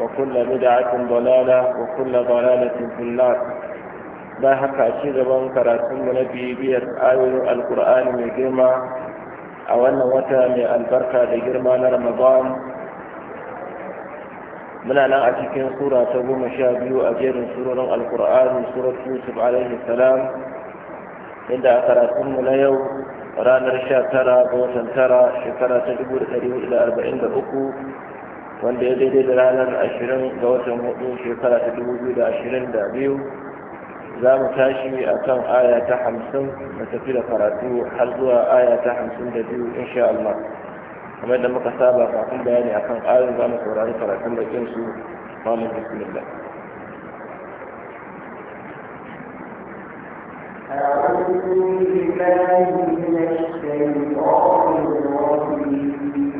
وكل بدعة ضلالة وكل ضلالة في النار لا حق أشيد من كراتم نبي بيت آية القرآن من جرمى أو أن وتا من البركة لجرمى رمضان من أنا أتكين سورة تبو مشابه أجير سورة القرآن سورة يوسف عليه السلام عند كراتم يوم ranar 19 ga watan 9 shekara ta 1443 wanda ya daidai da ranar 20 ga watan hudu shekara ta 2022 za mu tashi a kan aya ta 50 da tafi da karatu har zuwa aya ta hamsin insha Allah kamar da muka saba kafin bayani a kan ayoyin za mu saurari karatun bakin su mamun bismillah أعوذ بالله من الشيطان الرجيم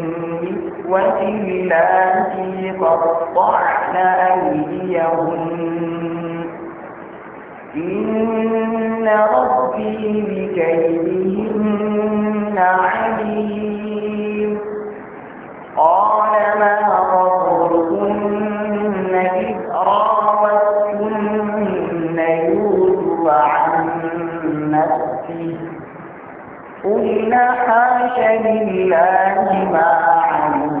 واللاتي قطعن أيديهن إن ربي بكيدهن عليم قال ما خطبكن إذ راوتن يوسف عن نفسه قلنا حاشا لله ما علمنا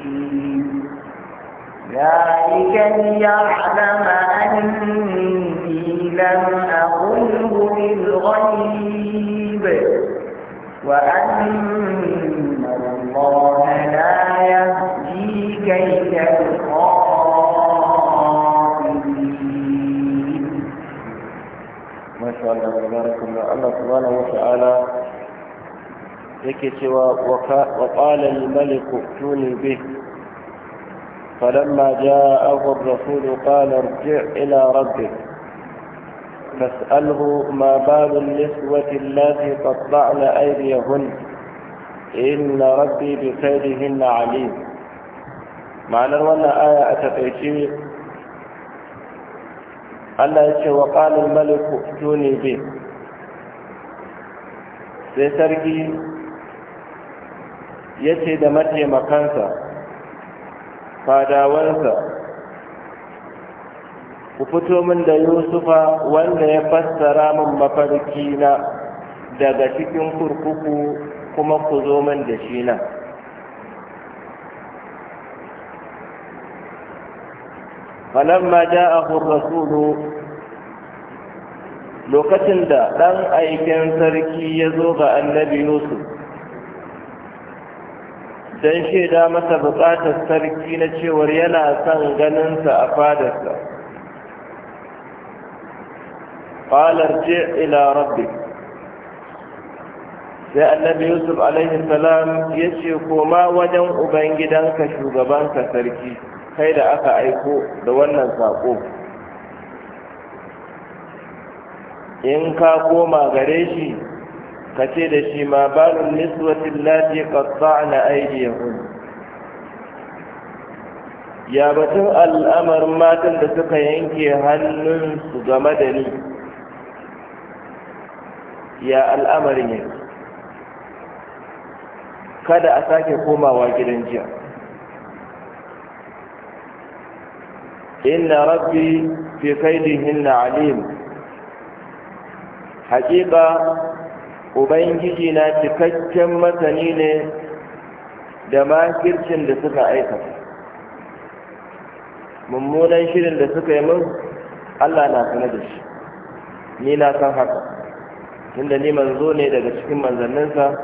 ذلك ليعلم أني لم أقله بالغيب وأن الله لا يهدي كيد الخاطئين ما شاء الله تبارك الله الله سبحانه وتعالى يكتب وقال الملك ائتوني به فلما جاءه الرسول قال ارجع إلى ربك فاسأله ما بال النسوة التي قطعن أيديهن إن ربي بكيدهن عليم معنى وانا آية أتقيشي الله يتشي وقال الملك ائتوني به sai sarki ya ce da mace makansa fadawansa ku fito min da yusufa wanda ya fassara min mafarki na daga cikin kurkuku kuma ku zo min da shi na falamma a rasulu lokacin da ɗan aikin sarki ya zo ga annabi yusuf don shaida masa buƙatar sarki na cewar yana son ganinsa a fadarsa ƙalar ce ila rabbi sai annabi yusuf alaihi salam ya ce koma wajen ubangidanka shugabanka sarki kai da aka aiko da wannan saƙo in ka koma gare shi ka ce da shi ma balun niswatin lati qatta'na aydiyahum ya batun al'amarin matan da suka yanke hannunsu game da ni ya al'amarin yake kada a sake komawa gidan jiya inna rabbi fi kaidihinna alim haƙiƙa ubangiji na cikakken masani ne da makircin da suka aikata mummunan shirin da suka yi min allah na sana da shi ni na san haka tunda ni manzo ne daga cikin manzanninsa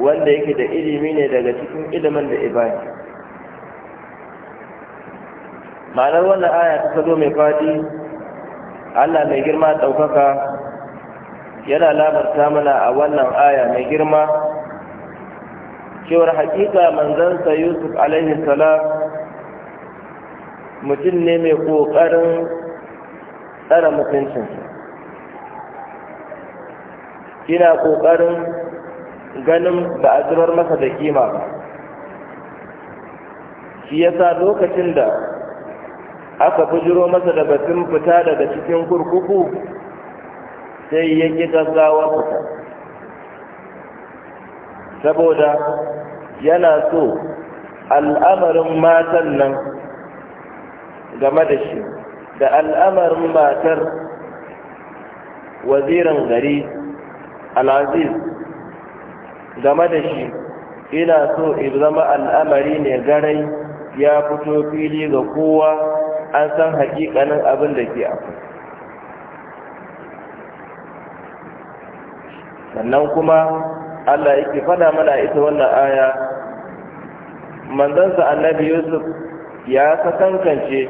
wanda yake da ilimi ne daga cikin ilimin da ibani ma'anar wannan aya ta zo mai fadi allah mai girma ɗaukaka yana labarta mana a wannan aya mai girma cewar hakika manzansa yusuf alaihi salam mutum ne mai ƙoƙarin tsara mutuncinsa yana ƙoƙarin ganin ba a zubar masa da kima ba shi yasa lokacin da aka bujiro masa da batun fita daga cikin kurkuku sai ya ƙi gaggawa fita saboda yana so al'amarin matan nan game da shi da al'amarin matar waziran gari al'aziz game da shi ina so in zama al'amari ne garai ya fito fili ga kowa an san hakikanin abin da ke akwai Nan kuma Allah yake fada mana ita wannan aya manzansa annabi Yusuf ya sakankance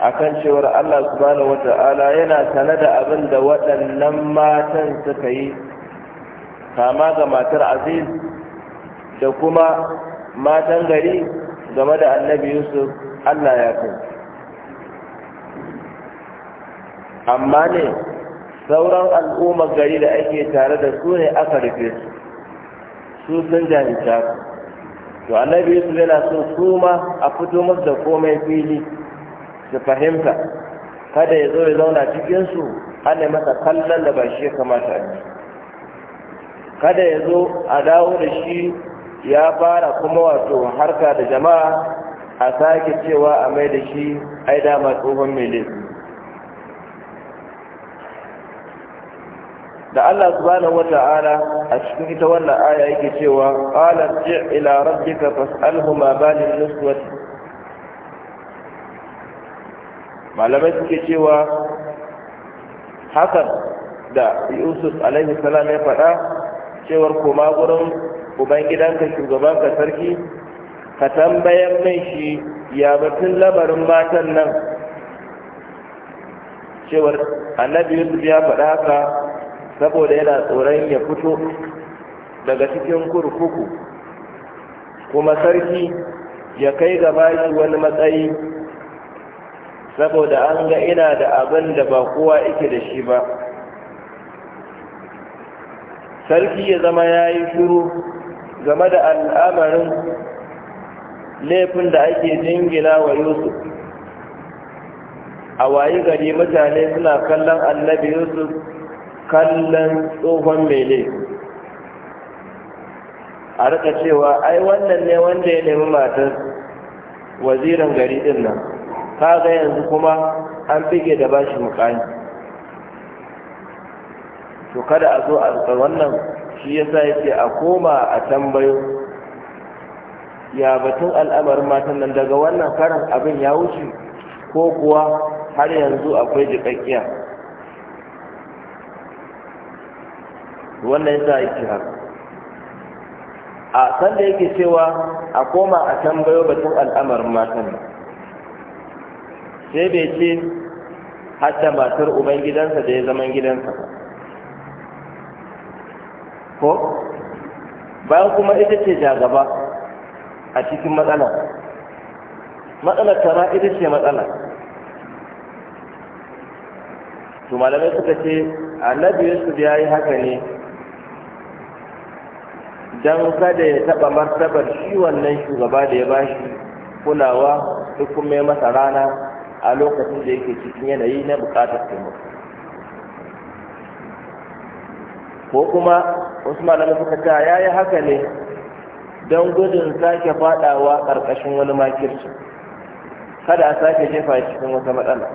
akan cewar Allah subhanahu wata'ala yana sane da abin da waɗannan matan suka yi kama ga matar Aziz da kuma matan gari game da annabi Yusuf Allah ya kai amma ne sauran al'ummar gari da ake tare da su ne aka rufe su su sun jahilta to annabi su yana so su ma a fito musu da komai fili su fahimta kada ya zo ya zauna cikin su yi masa kallon da ba shi ya kamata a kada ya zo a dawo da shi ya fara kuma wato harka da jama'a a sake cewa a mai da shi ai dama tsohon mai laifi da Allah subhanahu wata'ala a cikin ita wannan aya yake cewa qala ji ila rabbika fas'alhu ma balin nuswat malamai suke cewa hakan da Yusuf alaihi salam ya faɗa cewar koma gurin ubangidanka ka sarki ka tambayar mai shi ya batun lamarin matan nan cewar annabi yusuf ya faɗa haka saboda yana tsoron ya fito daga cikin kurkuku kuma sarki ya kai ga bashi wani matsayi saboda an ga ina da abin da ba kowa yake da shi ba sarki ya zama ya yi shuru game da al'amarin laifin da ake jingina wa yusuf a wayi gari mutane suna kallon annabi yusuf kallon tsohon mai laifi a rika cewa ai wannan ne wanda ya nemi matar waziran gari din nan ga yanzu kuma an fige da bashi mukani to kada a zo a rika wannan shi ya sa yake a koma a tambayo ya batun al'amarin matan nan daga wannan karin abin ya wuce ko kuwa har yanzu akwai jikakkiya? wannan yasa yake haka a da yake cewa a koma a tambayo batun al'amarin matan sai bai ce hadda matar gidansa da ya zaman gidansa ba ko bayan kuma ita ce jagaba a cikin matsala matsalar tara ita ce matsala to malamai suka ce annabi yusuf ya yi haka ne don kada ya taɓa martabar shi wannan shugaba da ya bashi kulawa duk kuma masa rana a lokacin da yake cikin yanayi na buƙatar taimako ko kuma wasu malamai suka ta ya yi haka ne don gudun sake faɗawa ƙarƙashin wani makirci kada a sake jefa cikin wata matsala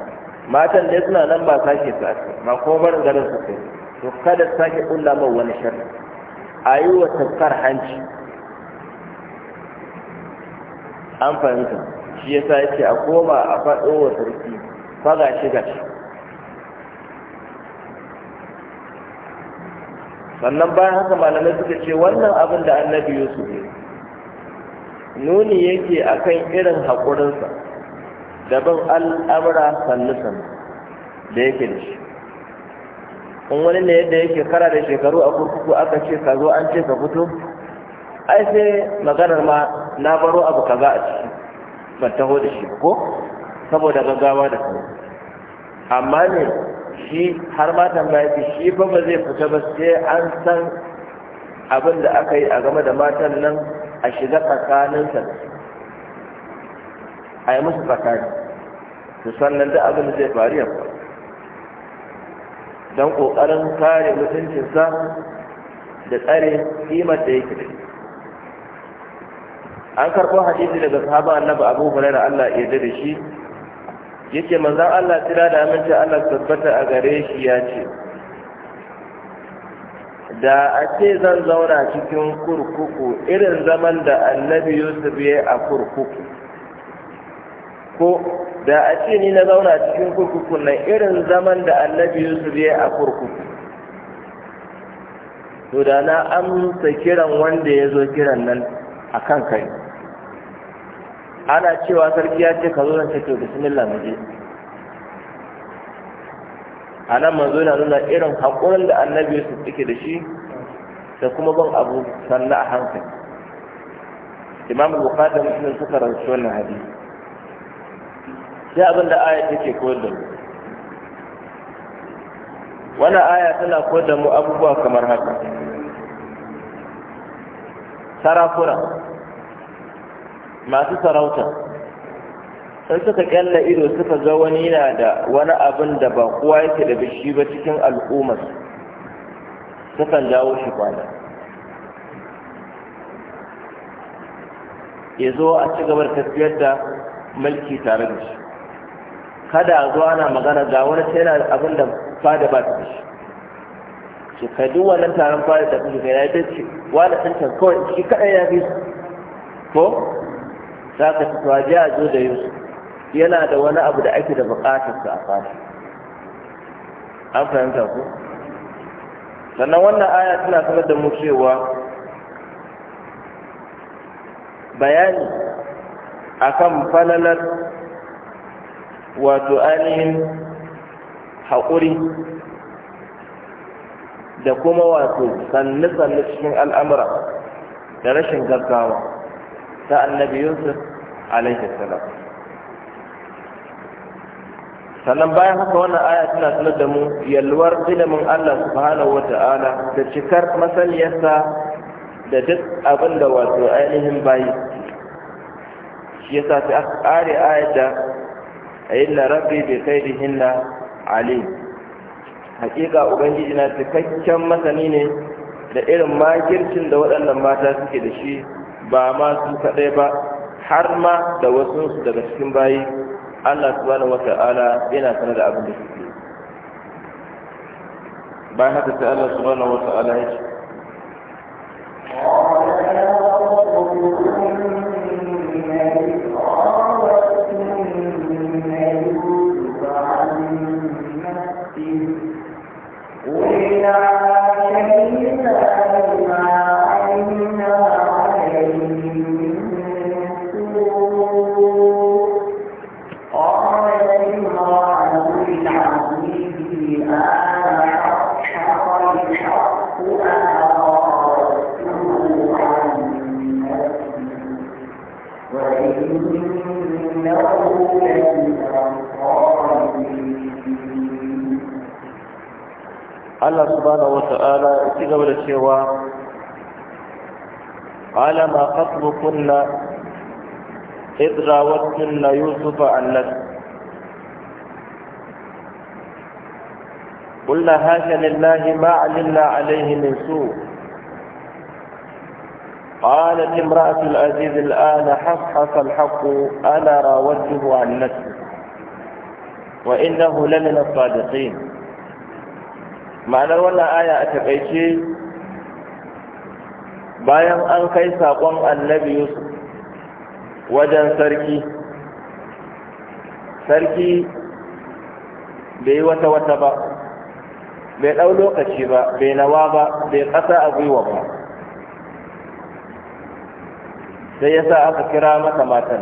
matan dai suna nan ba sake su ake ma kuma barin garin su kai to kada sake ƙulla wani sharri a yi wa hanci an fahimta shi ya sa yake a koma a faɗo wa sarki faga shi gashi sannan bayan haka malamai suka ce wannan abin da annabi yusuf ne nuni yake a kan irin haƙurinsa da bin al'amura sannu sannu da yake da shi in wani ne yadda yake kara da shekaru a kurkuku aka ce ka zo an ce ka fito ai sai maganar ma na baro abu kaza a ciki ban taho da shi ko saboda gaggawa da sauri amma ne shi har ma tambaya ce shi fa ba zai fita ba sai an san abin da aka yi a game da matan nan a shiga tsakaninsa a yi musu tsakani su sannan da abin da zai faru ya faru don ƙoƙarin kare mutuncinsa da tsare kimar da yake da an karɓo hadisi daga sahaba annabi abu huraira allah ya dade da shi yace manzon allah tira da aminci allah tabbata a gare shi ya ce da a ce zan zauna cikin kurkuku irin zaman da annabi yusuf ya a kurkuku ko da a ce ni na zauna cikin kurkuku, na irin zaman da annabi yusuf ya a kurkuku to da na amsa kiran wanda ya zo kiran nan a kan kai ana cewa sarki ya ce ka zo nan to bismillah mu je a nan manzo na nuna irin haƙurin da annabi yusuf take da shi da kuma ban abu sannan a hankali imam bukatar da muslim suka rantsu wannan hadisi sai abin da aya take koyar da mu wannan aya tana koyar da mu abubuwa kamar haka sarakuna masu sarauta sai suka kyalla ido suka ga wani yana da wani abin da ba kowa yake da bishi ba cikin al'ummar sukan jawo shi kwana ya zo a ci da tafiyar da mulki tare da shi kada a zuwa na magana ga wani sai yana abin da fada ba ta shi Su kai duk wannan taron fada da kuma kai ta ce wani ɗin can kawai shi kaɗai ya fi su ko za ka ci tuwa ji a zo da yusuf yana da wani abu da ake da buƙatar sa a fada an fahimta ku? sannan wannan aya tana sanar da mu cewa bayani akan falalar wato ainihin haƙuri da kuma wato sannu-sannu cikin al'amura da rashin gaggawa ta annabi yusuf alaihissalam sannan bayan haka wannan aya tana sanar da mu yalwar ilimin allah subhanahu wata'ala da cikar masaniyarsa da duk abin da wato ainihin bayi shi yasa ta ƙare da illa rabbi bi khairihinna alim hakika ubangiji na cikakken masani ne da irin makircin da waɗannan mata suke da shi ba ma su kaɗai ba har ma da wasu daga cikin bayi Allah subhanahu wata'ala yana sanar da abin da suke bayan haka sai Allah subhanahu wata'ala ya ce ربكن إذ راوتن يوسف عن نفسه قلنا هذا لله ما علمنا عليه من سوء قالت امرأة العزيز الآن حصحص الحق أنا راودته عن نفسه وإنه لمن الصادقين معنى ولا آية أتبعيشي bayan an kai saƙon annabi yusuf wajen sarki sarki bai yi wata wata ba bai ɗau lokaci ba bai nawa ba bai ƙasa a gwiwa ba sai ya sa aka kira masa matan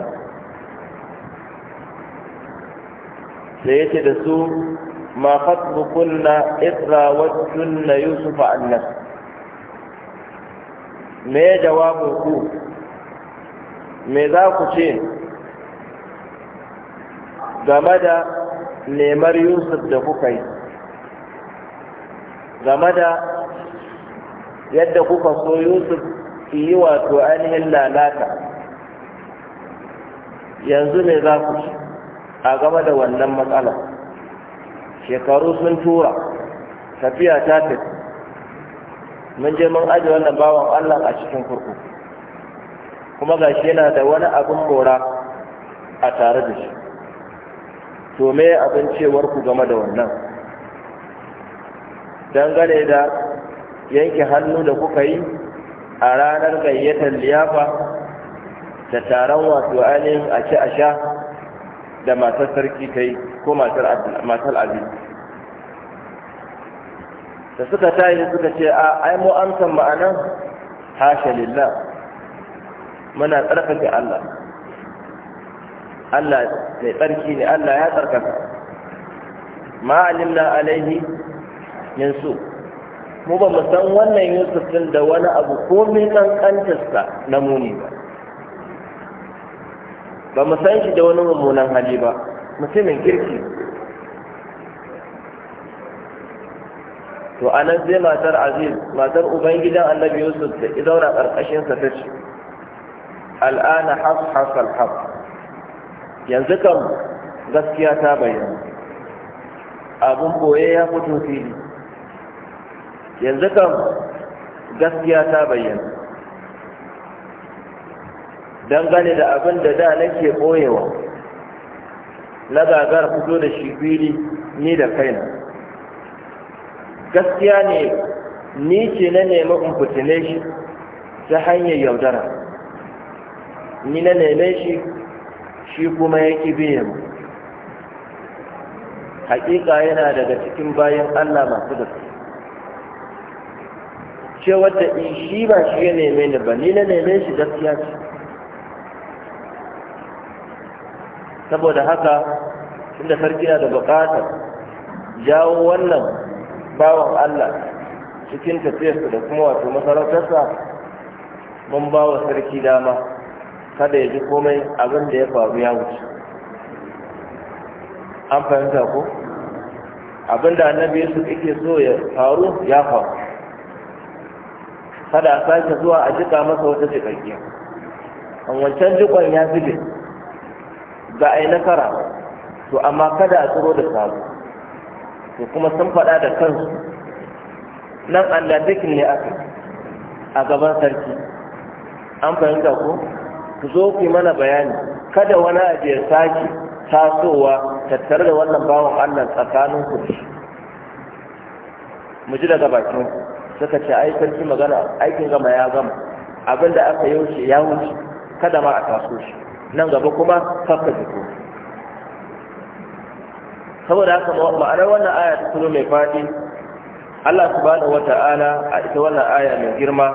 sai ya ce da su ma fasbukunna isra wajen na a annabi me ya jawabin ku me za ku ce game da nemar yusuf da kuka yi game da yadda kuka so yusuf yi wato ainihin lalata yanzu me za ku ce a game da wannan matsalar shekaru sun tura tafiya ta tafi mun je mun aje wannan bawan Allah a cikin kurkuku kuma gashi yana da wani abin bora a tare da shi to me abin cewar ku game da wannan dangane da yanke hannu da kuka yi a ranar gayyatar liyafa da taron wato ainihin a ci a sha da matar sarki ta ko matar abin da suka tayi suka ce a ai mu san ma'anan hasha lillah muna tsarkake Allah Allah mai tsarki ne Allah ya tsarkaka ma alimna alaihi min su mu ba mu san wannan Yusuf din da wani abu ko mai kankantarsa na muni ba ba mu san shi da wani mummunan hali ba mutumin kirki to a nan zai matar aziz matar ubangidan annabi yusuf da ita zauna karkashin sa tace al'ana haf haf al haf yanzu kam gaskiya ta bayyana abun boye ya fito fili yanzu kam gaskiya ta bayyana dangane da abin da da nake ɓoyewa. na gagar fito da shi fili ni da kaina gaskiya ne ni ce na nemi in fitine shi ta hanyar yaudara ni na neme shi shi kuma ya ƙi biye mu haƙiƙa yana daga cikin bayan allah masu gaske ce in shi ba shi ya neme ni ba ni na neme shi gaskiya ce saboda haka tunda sarki na da bukatar jawo wannan bawan Allah cikin tafiyarsa da kuma wato masarautarsa mun ba wa sarki dama kada ya ji komai abin da ya faru ya wuce an fahimta ko abin da annabi su ke so ya faru ya faru kada a sake zuwa a jika masa wata jikakkiya an wancan jikon ya zube ga yi nasara to amma kada a tsoro da sabu to kuma sun faɗa da kansu nan da zikin ne aka a gaban sarki an fahimta ko ku zo ku mana bayani kada wani abu ya sake tasowa tattare da wannan bawan Allah tsakanin ku mu ji daga bakin suka ce ai sarki magana aikin gama ya gama abinda aka yauce ya wuce kada ma a taso shi nan gaba kuma kakka jiko saboda haka ma'anar wannan aya ta tuno mai faɗi Allah subhanahu wata'ala a ita wannan aya mai girma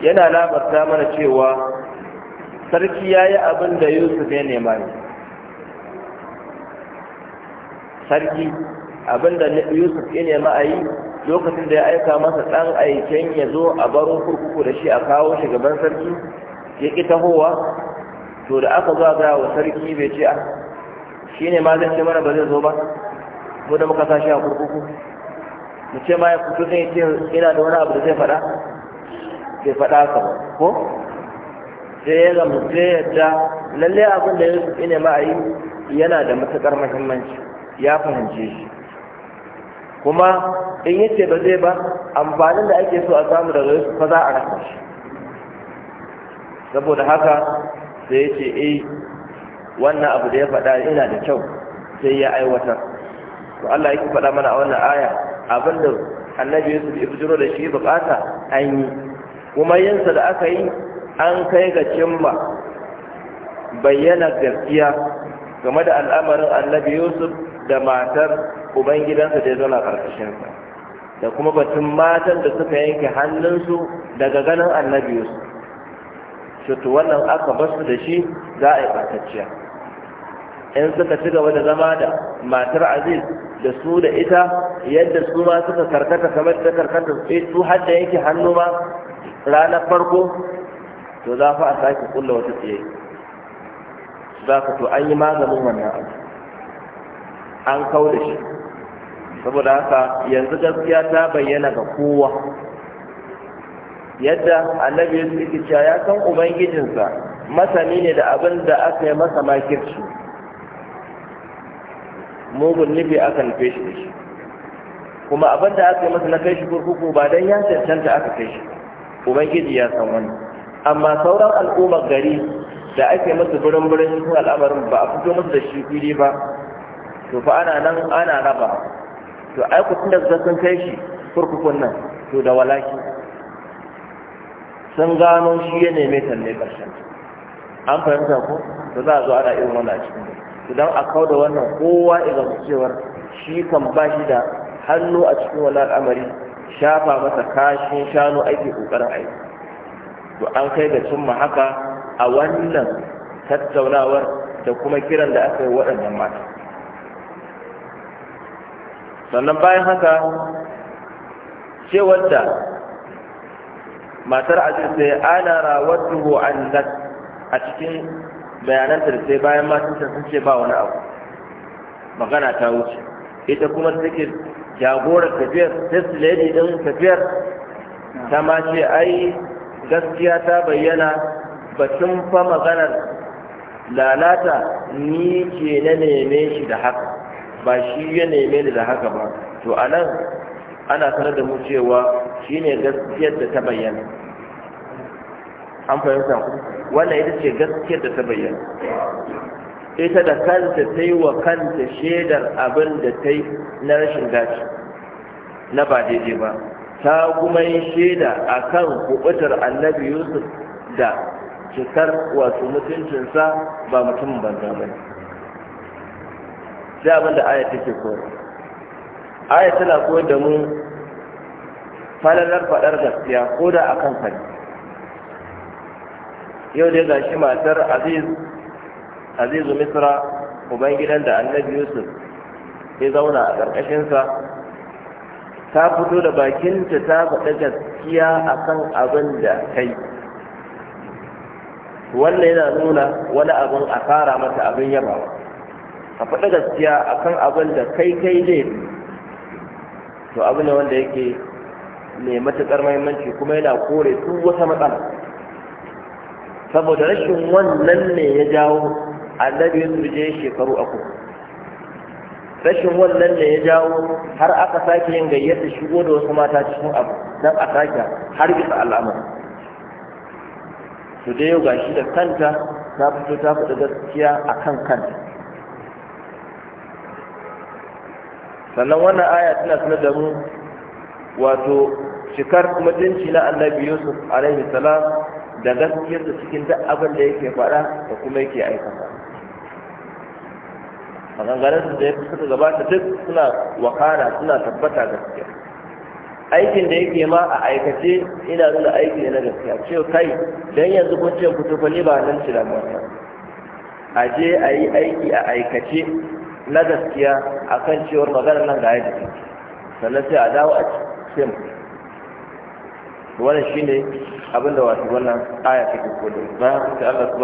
yana labarta mana cewa sarki yayi abin da Yusuf ya nema ne sarki abin da Yusuf ya nema a yi lokacin da ya aika masa ɗan aiken ya zo a bar kurkuku da shi a kawo shi sarki ya ƙi tahowa to da aka zo a sarki bai ce a ah, shi ne ma zai ce mana ba zai zo ba mu da muka sashi a kurkuku mu ce ma ya kutu zai ce ina da wani abu da zai faɗa Zai faɗa ka ba ko sai ya sai ya yadda lallai abin da yusuf ne ma a yi yana da matuƙar muhimmanci ya fahimce shi kuma in ce ba zai ba amfanin da ake so a samu daga yusuf fa za a rasa shi saboda haka sai ya ce eh wannan abu da ya faɗa yana da kyau sai ya aiwatar to Allah yake faɗa mana a wannan aya abinda annabi Yusuf ya fijiro da shi bukata an yi kuma yinsa da aka yi an kai ga cimma bayyana gaskiya game da al'amarin annabi Yusuf da matar ubangidansa da ya zauna sa da kuma batun matan da suka yanke hannunsu daga ganin annabi Yusuf. Shutu wannan aka basu da shi za a yi ɓatacciya. in suka ci gaba da zama da matar aziz da su da ita yadda su ma suka karkata kamar da karkata eh, su har da yake hannu ma ranar farko to za fa a sake kulla wata tsaye za ka to an yi maganin wannan abu an kawo da shi saboda haka yanzu gaskiya ta bayyana ga kowa yadda annabi ya suke cewa ya san ubangijinsa masani ne da abin da aka yi masa makirci mugun nufi aka nufe shi da shi kuma abinda aka yi masa na kai shi kurkuku ba don ya cancanta aka kai shi ubangiji ya san wani amma sauran al'ummar gari da ake masa birin birin cikin al'amarin ba a fito masa da shi fili ba to fa ana nan ana raba to ai ku tunda sun kai shi kurkukun nan to da walaki sun gano shi ya neme talle karshen an fahimta ko da za a zo ana irin wannan a cikin gari idan a kawo da wannan kowa idan cewar shi kan ba shi da hannu a cikin wani al'amari shafa masa kashin shanu ake kokarin aiki to an kai da cimma haka a wannan tattaunawar da kuma kiran da aka yi waɗannan mata sannan bayan haka cewar da matar cikin sai ana rawar duhu a cikin bayananta da sai bayan matanta sun ce ba wani abu magana ta wuce ita kuma take jagorar tafiyar test lady din tafiyar ta ma ce ai gaskiya ta bayyana batun fa maganar lalata ni ke na neme shi da haka ba shi ya neme ni da haka ba to anan ana sanar da mu cewa shine gaskiyar da ta bayyana an fahimta wannan ita ce gaskiyar da ta bayyana ita da kanta ta yi wa kanta shaidar abin da ta yi na rashin gashi. na ba daidai ba ta kuma yi shaida a kan kubutar annabi yusuf da cikar wasu mutuncinsa ba mutum banza ba sai abin da aya take kowa aya tana koyar da mu falalar faɗar gaskiya ko da akan kan yau da ya gashi matar aziz azizu misra uban gidan da annabi yusuf ya zauna a ƙarƙashinsa ta fito da bakinta ta faɗa gaskiya a kan abin da kai wannan yana nuna wani abin a fara mata abin yabawa a faɗa gaskiya a kan abin da kai kai ne to abu ne wanda yake mai matuƙar mahimmanci kuma yana kore duk wata matsala saboda rashin wannan ne ya jawo annabi ya je shekaru uku rashin wannan ne ya jawo har aka sake yin gayyata shigo da wasu mata cikin abu don a sake har bisa al'amur. su da yau gashi da kanta ta fito ta faɗi gaskiya a kan kanta sannan wannan aya tana sanar da mu wato shikar mutunci na annabi yusuf alaihi salam da gaskiyar da cikin duk abin da yake faɗa da kuma yake aikata maganganun da ya fi suka gabata duk suna wakana suna tabbata gaskiya aikin da yake ma a aikace ina nuna aiki na gaskiya ce kai don yanzu kun ce ku ni ba nan ci damuwa a je a yi aiki a aikace na gaskiya a kan cewar maganar nan ga yadda sannan sai a dawo a cikin. wannan shine abinda wato wannan aya take kodo bayan kuka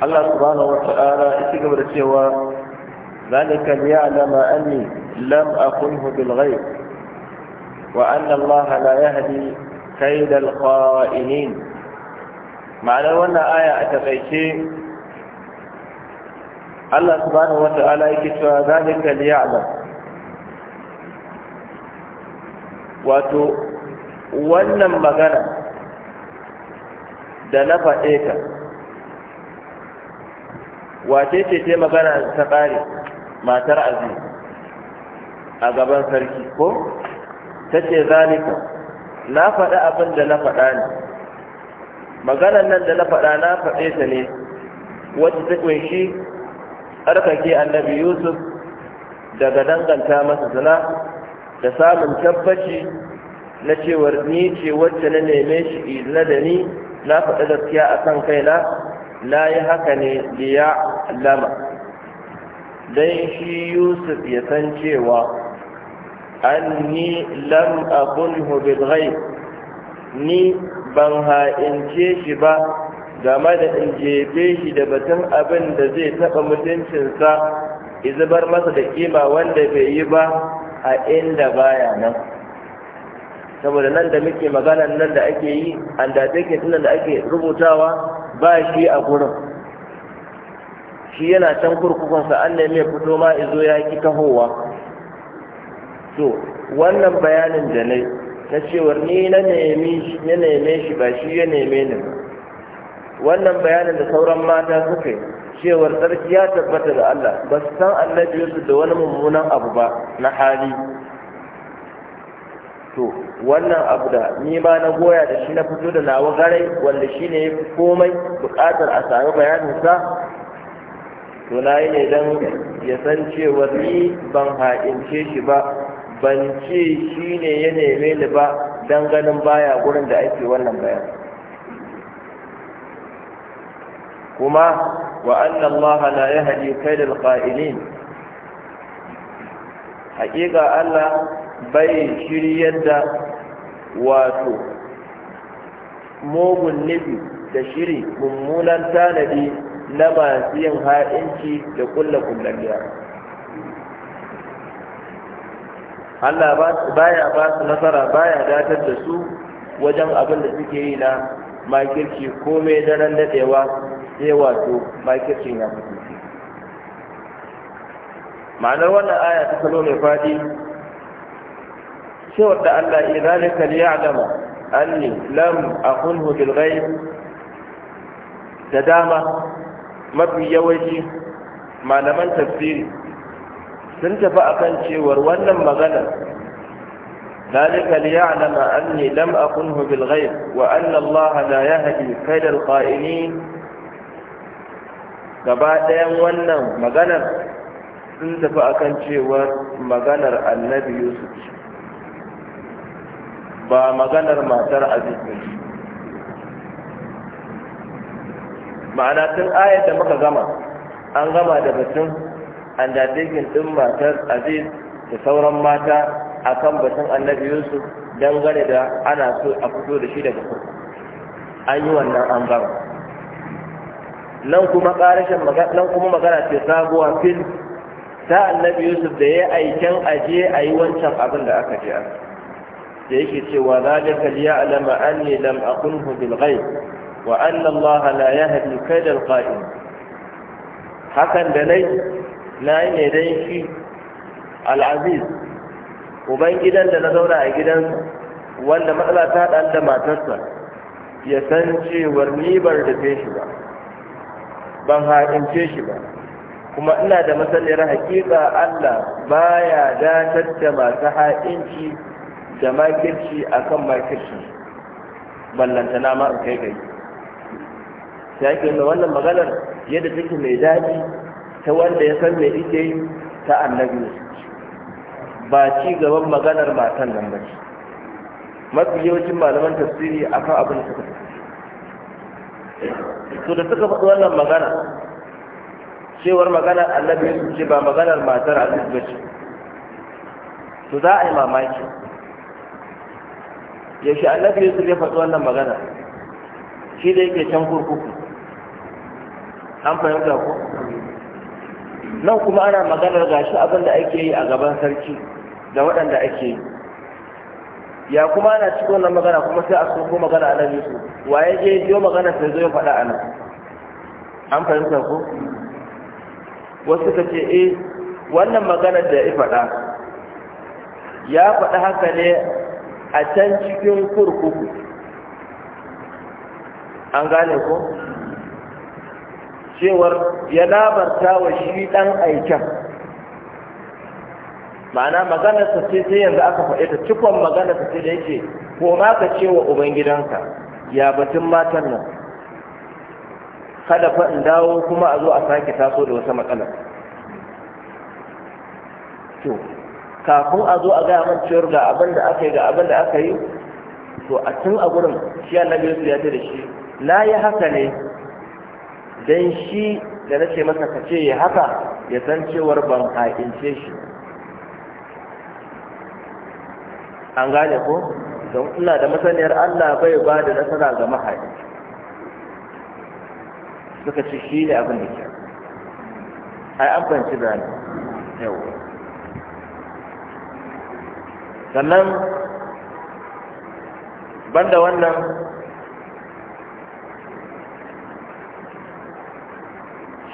Allah subhanahu wata'ala ya ce Allah subhanahu wa ta'ala ya ci gaba da cewa ذلك ليعلم أني لم أخنه بالغيب وأن الله لا يهدي كيد الخائنين معنى وانا آية أتفيتي الله سبحانه وتعالى يكتوى ذلك ليعلم واتو وانا مغانا da na faɗe ka wace ce ce magana ta ƙare matar aziz a gaban sarki ko ta ce zalika na faɗi abin da na faɗa ne maganan nan da na faɗa na faɗe ta ne wacce ta ƙunshi tsarkake annabi yusuf daga danganta masa zina da samun tabbaci na cewar ni ce wacce na neme shi izina da ni na faɗi gaskiya a kan kaina na yi haka ne liya lama don shi yusuf ya san cewa ni lam abun bil ghaib ni ban ha'ince shi ba game da in jefe shi da batun abin da zai taɓa mutuncinsa izubar masa da kima wanda bai yi ba a inda baya nan saboda nan da muke magana nan da ake yi an da take tunan da ake rubutawa ba shi a gurin shi yana can kurkukun an nemi ya fito ma izo ya ki kahowa to wannan bayanin da nai na cewar ni na neme shi ba shi ya neme ni wannan bayanin da sauran mata suka yi cewar tsarki ya tabbata da Allah ba su san annabi Yusuf da wani mummunan abu ba na hali to wannan abu da ni ba na goya da shi na fito da nawa garai wanda shi ne komai bukatar a sami sa? to na yi ne don ya san cewa ni ban haƙince shi ba ban ce shi ne ya neme ni ba don ganin baya gurin da ake wannan bayan kuma wa na ya la kai da qa'ilin haƙiƙa Allah bai shiryar da wato mugun nufi da shiri mummunan tanadi na masu yin ha'inci da kulla kullalliya Allah baya ba su nasara baya datar da su wajen abin da suke yi na makirci komai daren daɗewa sai wato makircin ya mutu ma'anar wannan aya ta salo mai faɗi cewar da Allah ya adama liya'lama anni lam akunhu bil ghaib da dama mafi yawanci malaman tafsiri sun tafi akan cewar wannan magana ذلك ليعلم أني لم أكنه بالغيب وأن الله لا يهدي كيد الخائنين gaba ɗayan wannan maganar sun tafi akan cewar maganar annabi yusuf ba maganar matar aziz ma'ana tun ayar da muka gama an gama da batun undertaking ɗin matar aziz da sauran mata akan batun annabi yusuf dangane da ana so a fito da shi daga kurkuku an yi wannan an gama nan kuma ƙarashin nan kuma magana ce sabuwa fil ta annabi yusuf da ya aiken aje a yi wancan abin da aka ji da yake cewa zalika liya alama anni lam aqulhu bil ghaib وأن الله لا يهدي كيد القائم hakan da nai na yi ne don shi al'aziz uban gidan da na zauna a gidan wanda matsala ta haɗa da matarsa ya san cewar nibar da fe shi ba ban haƙince shi ba kuma ina da matsalar haƙiƙa allah baya datar da masu haƙinci da makirci akan makirci ballantana ma in kai gai ya ke da wannan maganar yadda take mai daɗi ta wanda ya san mai ike yi ta annabi ba ci gaban maganar matan nan ba ce mafi yawancin malaman tafsiri akan abin da suka tafi su da suka faɗi wannan magana cewar maganar annabi su ce ba maganar matar a ba ce Su za a yi mamaki yaushe annabi su ya faɗi wannan magana shi da yake can kurkuku an fahimta ko nan kuma ana maganar gashi abin da ake yi a gaban sarki da waɗanda ake yi ya kuma ana cikin wannan magana kuma sai a sunko magana a nan yusuf waye je biyo magana sai zo ya faɗa a nan an fahimta ko wasu ka ce eh wannan maganar da ya faɗa ya faɗa haka ne a can cikin kurkuku an gane ko cewar ya labarta wa shi ɗan aiken ma'ana maganarsa ce sai yanzu aka faɗe ta cikon maganarsa ce da yake ko ma ka ce wa ubangidanka ya batun matan nan kada fa in dawo kuma a zo a sake taso da wata matsala to kafin a zo a gaya man cewar ga abin da aka yi ga abin da aka yi to a tun a gurin shi annabi yusuf ya ce da shi na yi haka ne dan shi da nace ce ka ce ya haka ya san cewar ban ka'ince shi an gane ko don ina da masaniyar Allah bai ba da nasara ga mahaifi suka ci shi ne abin da ke ai an fahimci da ni yau sannan banda wannan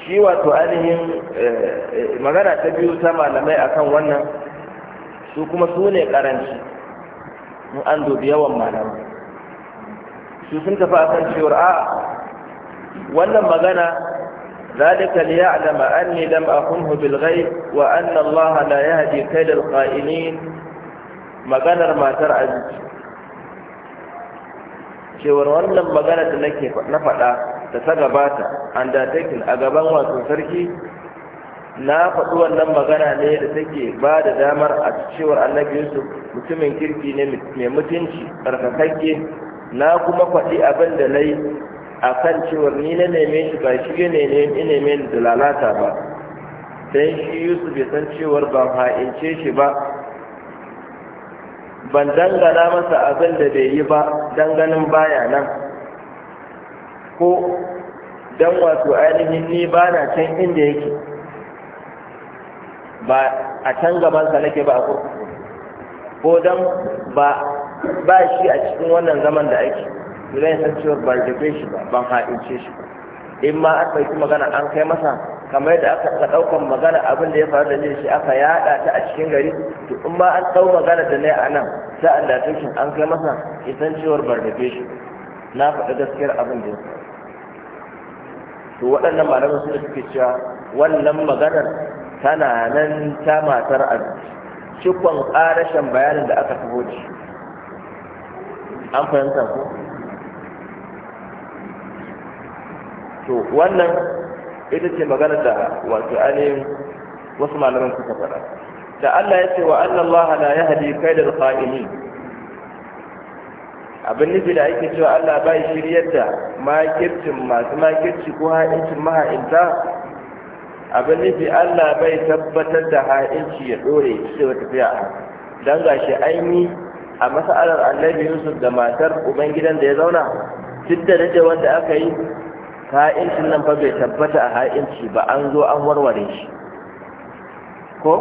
shi wato ainihin eh, magana ta biyu ta malamai akan wannan su kuma su ne karanci in an dubi yawan malamai su sun tafi akan cewar a wannan magana ذلك ليعلم أني لم أخنه بالغيب وأن الله لا يهدي كيد القائلين maganar matar aziz cewar wannan magana da nake na faɗa da ta gabata datakin, a gaban wato sarki na faɗi wannan magana ne da take ba da damar a cewar annabi yusuf mutumin kirki ne mai mutunci ƙarfafakke na kuma faɗi abin da na yi a kan cewar ni na neme shi ba shi ne neme da lalata ba don shi yusuf ya san cewar ban ha'ince shi ba ban dangana masa abin da bai yi ba danganin baya nan ko dan wato ainihin ni ba na can inda yake ba a can gabansa nake ba a kurkuku ko dan ba ba shi a cikin wannan zaman da ake zai san cewa ban rufe shi ba ban haɗince shi ba in ma an yi magana an kai masa kamar yadda aka ta ɗaukan magana abin da ya faru da shi aka yaɗa ta a cikin gari to in ma an ɗau magana da na a nan sa'an da an kai masa isan san cewar ban rufe shi na faɗi gaskiyar abin da ya faru to waɗannan malaman suna suke cewa wannan maganar tana nan ta matar a cikon ƙarashen bayanin da aka taho ci an fahimta ko to wannan ita ce maganar da wato ainihin wasu malaman suka faɗa da Allah ya ce wa ya hadi kai da qa'imin abin nufi da ake cewa Allah bai shiryar da makircin masu makirci ko ha'incin maha'inta abin nufi Allah bai tabbatar da ha'inci ya dore shi wata tafiya dan gashi aini a masalar annabi Yusuf da matar ubangidan da ya zauna duk da rage wanda aka yi ha'incin nan fa bai tabbata a ha'inci ba an zo an warware shi ko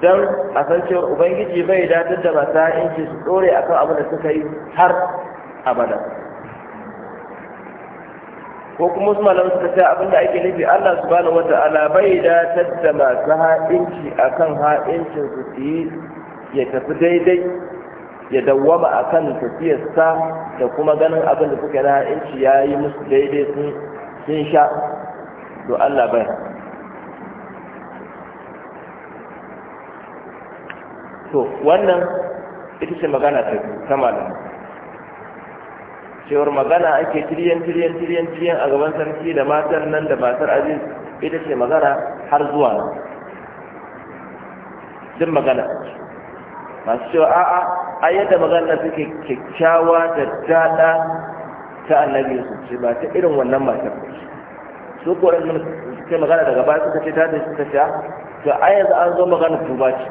don a san cewa ubangiji bai datar da masa inci su dore a kan abin da suka yi har abada ko kuma su malam suka ce abin da ake nufi allah su bani wata ala bai datar da masu ha'inci a kan ha'incin su su yi ya tafi daidai ya dawwama a kan tafiyarsa da kuma ganin abin da suka yi na ha'inci ya yi musu daidai sun sha to allah bai to wannan ita ce magana ta ta malama cewar magana ake tiriyan tiriyan tiriyan tiriyan a gaban sarki da matar nan da matar aziz ita ce magana har zuwa nan duk magana masu cewa a'a a yadda magana suke kyakkyawa da daɗa ta annabi su ce ba ta irin wannan matar su ko suke magana daga baya suka ce ta da suka sha to a yanzu an zo magana tuba ce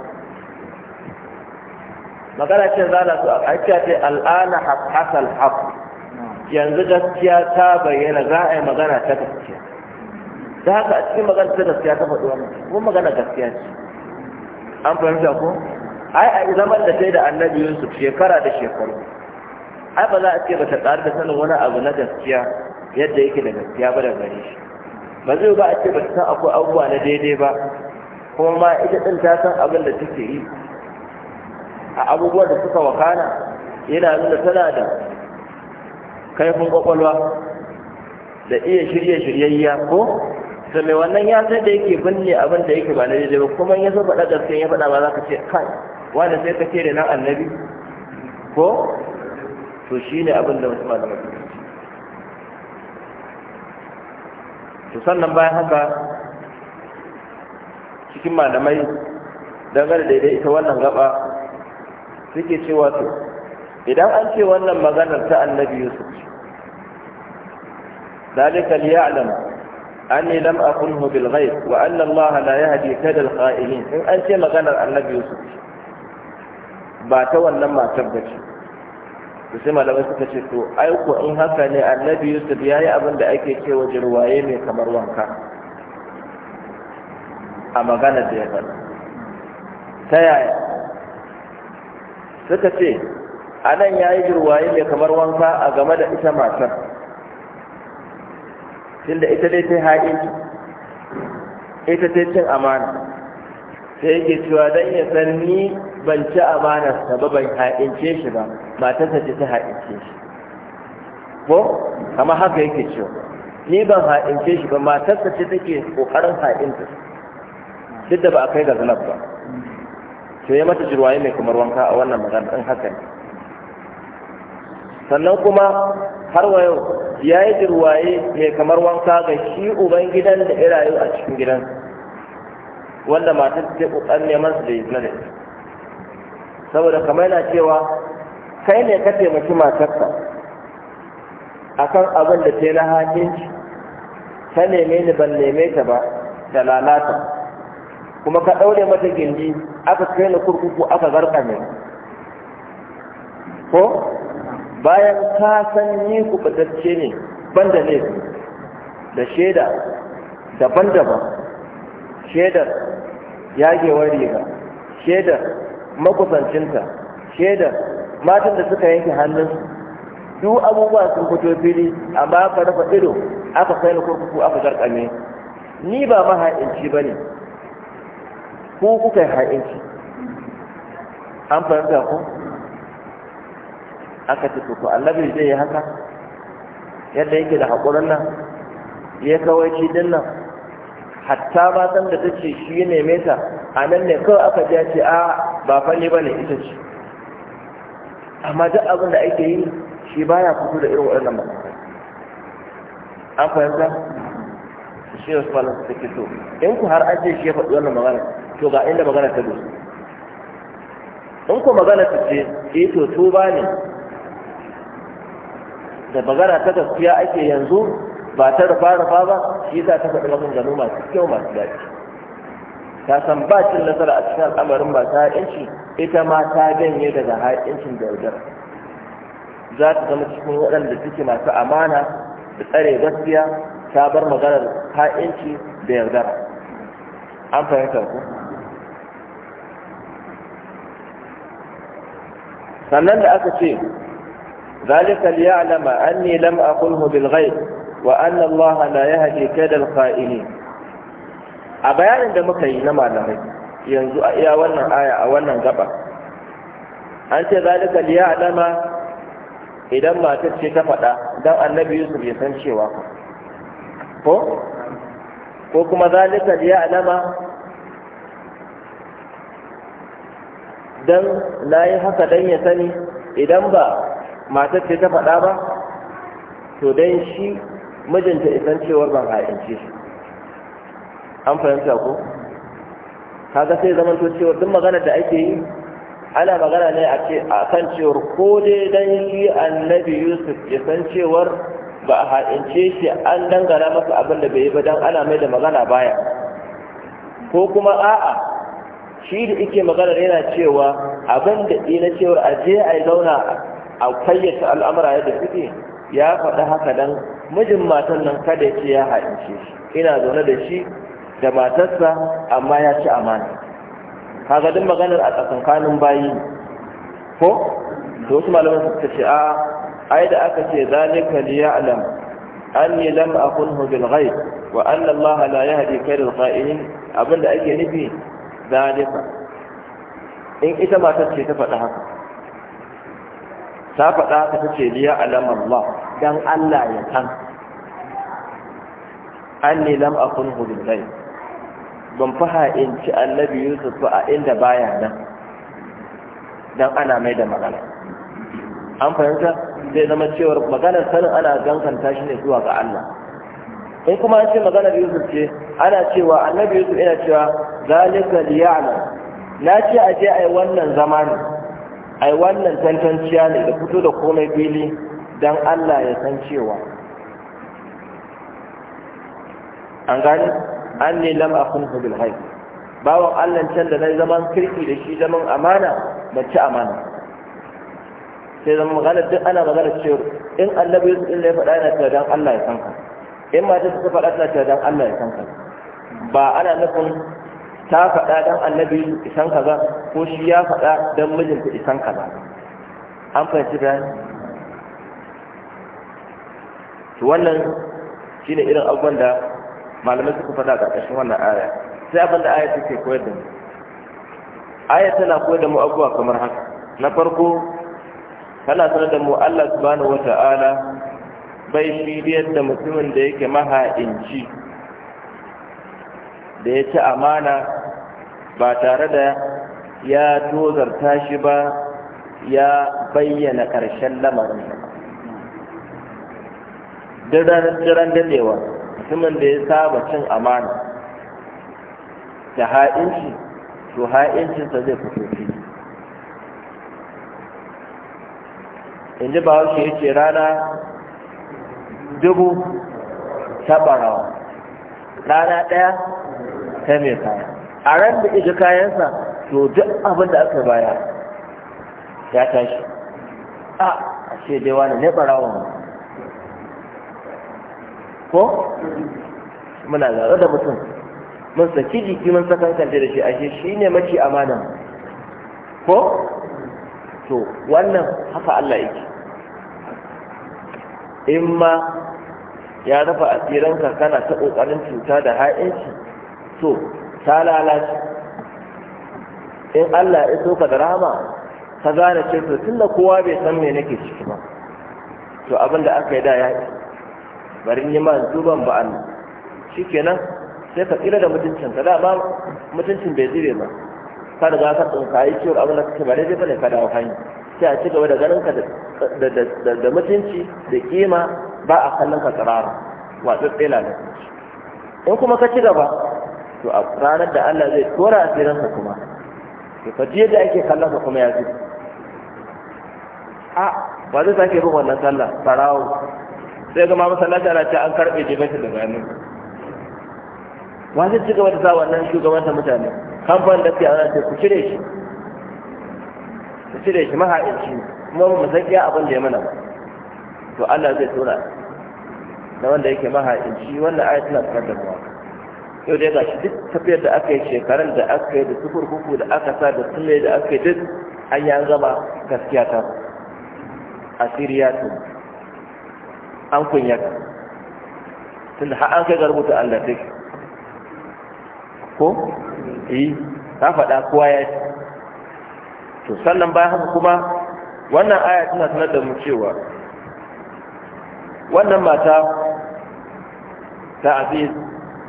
magana ce za su a haƙƙiya ce al'ana hasal haf yanzu gaskiya ta bayyana za a yi magana ta gaskiya da haka a cikin magana ta gaskiya ta faɗi wannan kuma magana gaskiya ce an fahimta ko ai a zaman da sai da annabi yusuf shekara da shekaru ai ba za a ce ba ta ƙari da sanin wani abu na gaskiya yadda yake da gaskiya ba da gari? shi ba zai ba a ce ba ta san akwai abubuwa na daidai ba kuma ma ita ɗin ta san abin da take yi a abubuwan da suka wakana yana nuna tana da kaifin kwakwalwa da iya shirye shiryayya ko da mai wannan ya sai da yake binne abin da yake ba na daidai ba kuma ya zaba da gaskiya ya faɗa ba za ka ce kai wanda sai ka ce da nan annabi ko to shi ne abin da wasu malamai to sannan bayan haka cikin malamai dangane daidai ita wannan gaba suke cewa to idan an ce wannan maganar ta annabi yusuf ce dalika liya'lam anni lam aqulhu bil ghaib wa anna allaha la yahdi kada al qa'ilin in an ce maganar annabi yusuf ce ba ta wannan matar ba ce to sai malamai suka ce to ai ko in haka ne annabi yusuf yayi abin da ake cewa jirwaye mai kamar wanka a maganar da ya faɗa ta yaya suka ce a nan ya yi jirwaye mai kamar wanka a game da ita matar da ita dai ta haƙinci ita ta cin amana sai yake cewa don ya san ni ban ci ta ba ban haƙince shi ba matar ta ce ta haƙince shi ko kama haka yake cewa ni ban haƙince shi ba matar ta ce take ƙoƙarin haƙinta duk da ba a kai ga zalab ba to ya mata jirwaye mai kamar wanka a wannan magana ɗin haka ne sannan kuma har wa yau ya yi jirwaye mai kamar wanka ga shi uban gidan da ya a cikin gidan wanda matar ta ƙoƙarin neman su da izina da saboda kamar yana cewa kai ne ka taimaki matarka akan abin da ta yi na hakinci ta neme ni ban neme ta ba da lalata kuma ka ɗaure mata gindi aka kai na kurkuku aka garka ne ko bayan ka san ni kubatacce ne banda ne da shaida daban-daban shaidar yagewar riga shaidar makusancinta shaidar matan da suka yanke hannun duk abubuwa sun fito fili amma aka rufe ido aka kai na kurkuku aka ne ni ba maha'inci ba ne ko kuka yi ha'inci an fahimta ku aka ce to annabi zai yi haka yadda yake da haƙurin nan ya kawai shi din nan hatta ba san da tace shi ya neme ta a nan ne kawai aka ji ce a ba fanni ba ne ita ce amma duk abin da ake yi shi baya fito da irin waɗannan matakai an fahimta shi su usman su take so in ku har an shi ya faɗi wannan magana to ga inda magana ta dusu in ku magana ta ce eh to ba ne da magana ta gaskiya ake yanzu ba ta rufa rufa ba shi ta ta faɗi maganganu masu kyau masu daɗi ta san ba cin nasara a cikin al'amarin ba ta yanci ita ma ta ganye daga ha'incin da yaudara za ta zama cikin waɗanda suke masu amana da tsare gaskiya ta bar maganar ha'inci da yardara an fahimta ku sannan da aka ce ذلك ليعلم أني لم أقله بالغيب وأن الله لا يهدي كيد الخائنين a bayanin da muka yi na malamai yanzu a iya wannan aya a wannan gaba an ce zalika liya alama idan matar ce ta faɗa don annabi yusuf ya san cewa ko ko kuma zalika da ya alama dan na yi haka dan ya sani idan ba matar ce ta faɗa ba to dan shi mijinta isan cewar ban ha'ince shi an fahimta ko kaga sai zaman to cewa duk magana da ake yi ana magana ne a kan cewar ko dai dan shi annabi yusuf ya san cewar ba a haɗince shi an dangana masa abin da bai yi ba don ana mai da magana baya ko kuma a'a shi da ike magana yana cewa abin da na cewar a je a zauna a fayyace al'amura yadda suke ya faɗi haka don mijin matan nan kada ce ya haɗince shi ina zaune da shi da matarsa amma ya ci amana kaga duk maganar a tsakankanin bayi ko to wasu malaman suka ce a ai da aka ce zalika liya'lam anni lam akunhu bil ghaib wa anna Allah la yahdi kayyul qa'ilin abinda ake nufi zalika in ita ma ce ta faɗa haka ta faɗa haka ta ce liya alam Allah dan Allah ya san anni lam akunhu bil ghaib ban faha in ci annabi Yusuf a inda baya nan dan ana mai da magana an fahimta zai zama cewar maganar sanin ana gankanta shi ne zuwa ga Allah in kuma an ce maganar Yusuf ce ana cewa annabi Yusuf yana cewa zalika liya'na na ce a je ai wannan zamani ai wannan tantanciya ne da fito da komai fili dan Allah ya san cewa an gani ne lam akunhu bil hayy bawon Allah can da na zaman kirki da shi zaman amana mace amana sai zama magana duk ana magana cewa in annabi yusuf in da ya faɗa yana cewa dan Allah ya san ka in mata ta faɗa tana cewa dan Allah ya san ka ba ana nufin ta faɗa dan annabi isan ba ko shi ya faɗa dan mijinta isan ba an fahimci bayani to wannan shine irin abubuwan da malamai suka faɗa a ƙarƙashin wannan aya sai abin da aya take koyar da mu aya tana koyar da mu abubuwa kamar haka na farko kana sanar da mu Allah subhanahu wata'ala bai fi yadda mutumin da yake maha'inci da ya ci amana ba tare da ya tozarta shi ba ya bayyana ƙarshen lamarin duk ranar dadewa mutumin da ya saba cin amana da ha'inci to ha'incinsa zai fito fili inda ba wuce ya ce rana dubu ta barawa rana ɗaya ta mai kaya a ran da ije kayansa to duk abin da aka baya ya tashi a a ce dai wani ne barawa ko muna zaɓe da mutum mun saki jiki mun sakan kanta da shi ashe shi ne mace amana ko to wannan haka Allah yake in ma ya rufe asiranka kana ta kokarin cuta da ha'inci to ta lalace in Allah ya so ka da rahama ka gane tun tunda kowa bai san me nake ciki ba to abin da aka yi da ya bari ni ma zuban ba Allah shikenan sai ka tsira da mutuncin ka da ba mutuncin bai zire ba ka riga ka yi ciwon abin da kake ba daidai bane ka dawo hanyar. sai a ci gaba da ganin ka da mutunci da kima ba a kallon ka tsirara watsa tsela da in kuma ka ci gaba to a ranar da Allah zai tura asirin ka kuma to ka ji yadda ake kallon ka kuma ya ji a ba zai sake bin wannan sallah farawo sai ga ma masallaci ana ce an karbe jibinta daga ba zai ci gaba da sa wannan shugaban mutane kamfan da ke ana ce ku cire shi ku cire shi maha'inci kuma mu san iya abin da ya mana ba to Allah zai tura da wanda yake maha'inci wannan ayat na tsakar da mu yau dai gashi duk tafiyar da aka yi shekaran da aka yi da kuku da aka sa da tule da aka yi duk an yi an gama gaskiya ta asiriya ta an kunya ka tun da har an kai garbuta Allah duk ko yi eh, ta faɗa kowa ya ce. to sannan bayan haka kuma wannan aya tana sanar da mu cewa wannan mata ta aziz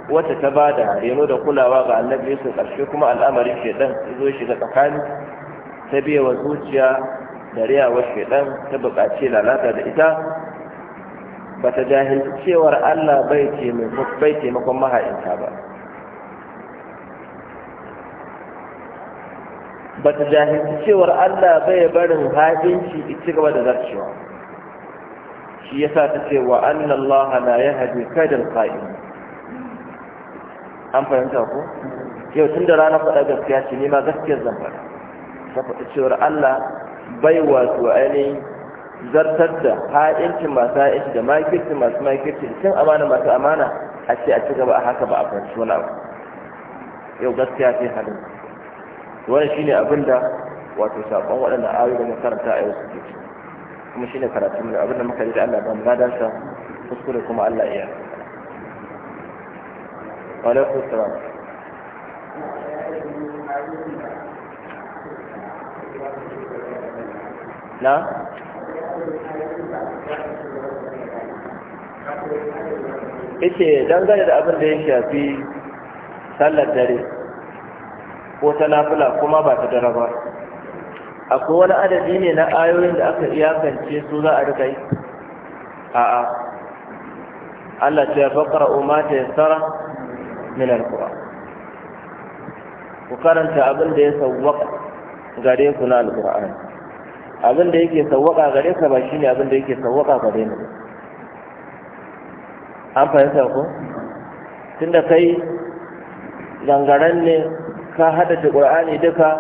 wata ta ba da reno da kulawa ga annabi yusuf ƙarshe kuma al'amarin shaidan zo shiga tsakani ta biya wa zuciya da riyawar shaidan ta buƙaci lalata da ita ba ta jahilci cewar allah bai taimakon maha'inta ba ba ta jahilci cewar Allah bai barin ha'inci ci gaba da zarcewa shi yasa ta ce wa anna Allah la yahdi kadal qa'im an fahimta ko yau tunda rana faɗa gaskiya ce ne ma gaskiyar zan faɗa ta faɗa cewar Allah bai wato ainihin zartar da ha'incin masu ha'inci da makirci masu makirci cin amana masu amana a ce a ci gaba a haka ba a fahimci wani abu yau gaskiya sai halin wani shine abin da wato saƙon waɗanda ayoyi da makaranta a yau su ke. kuma shine karatu mai abin da muka yi da Allah ban ladan sa kuskure kuma Allah iya wa alaikum salam na ita dangane da abin da ya shafi sallar dare ko ta nafila kuma ba ta daraba. ba akwai wani adadi ne na ayoyin da aka iyakance su za a rika yi a'a Allah ce ya faƙara umata ya tsara min alƙura ku karanta abin da ya sawwaka gare ku na Alƙur'an, abin da yake sawwaka gare ka ba shine abin da yake sawwaka gare ni an fahimta ko tunda kai gangaren ne ka haddace qur'ani duka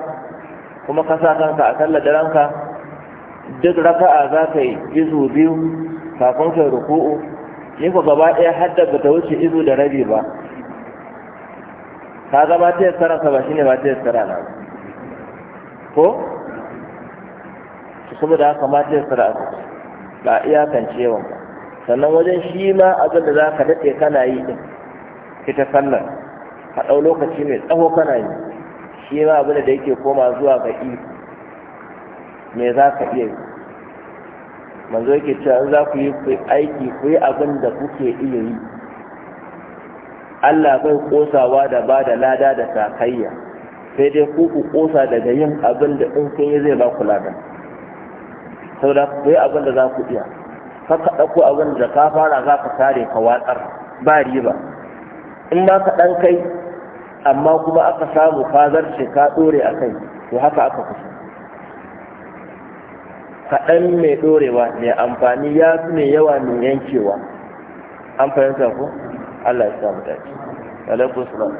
kuma ka sa kanka a sallar daranka duk raka'a za ka yi izu biyu kafin kai ruku'u ni ko gaba ɗaya hadda ta wuce izu da rabi ba ka ga ta yassara ka ba shine ba ta yassara na ko saboda haka ma ta yassara ba iyakance yawan sannan wajen shi ma abin da za ka daɗe kana yi ɗin ita sallar ka ɗau lokaci mai tsawo kana yi shi ma abin da yake koma zuwa ga iko me za ka iya yi manzo yake cewa in za ku yi aiki ku yi abin da kuke iya yi Allah bai kosawa da ba da lada da sakayya sai dai ku ku kosa daga yin abin da in kun yi zai ba ku lada saboda ku yi abin da za ku iya kaka ɗauko abin da ka fara za ka tare ka watsar ba riba in ba ka ɗan kai amma kuma aka samu fazar ce ka dore a kai to haka aka kusa kaɗan mai dorewa mai amfani ya fi mai yawa mai yankewa an fahimta ko allah ya samu dace alaikun salam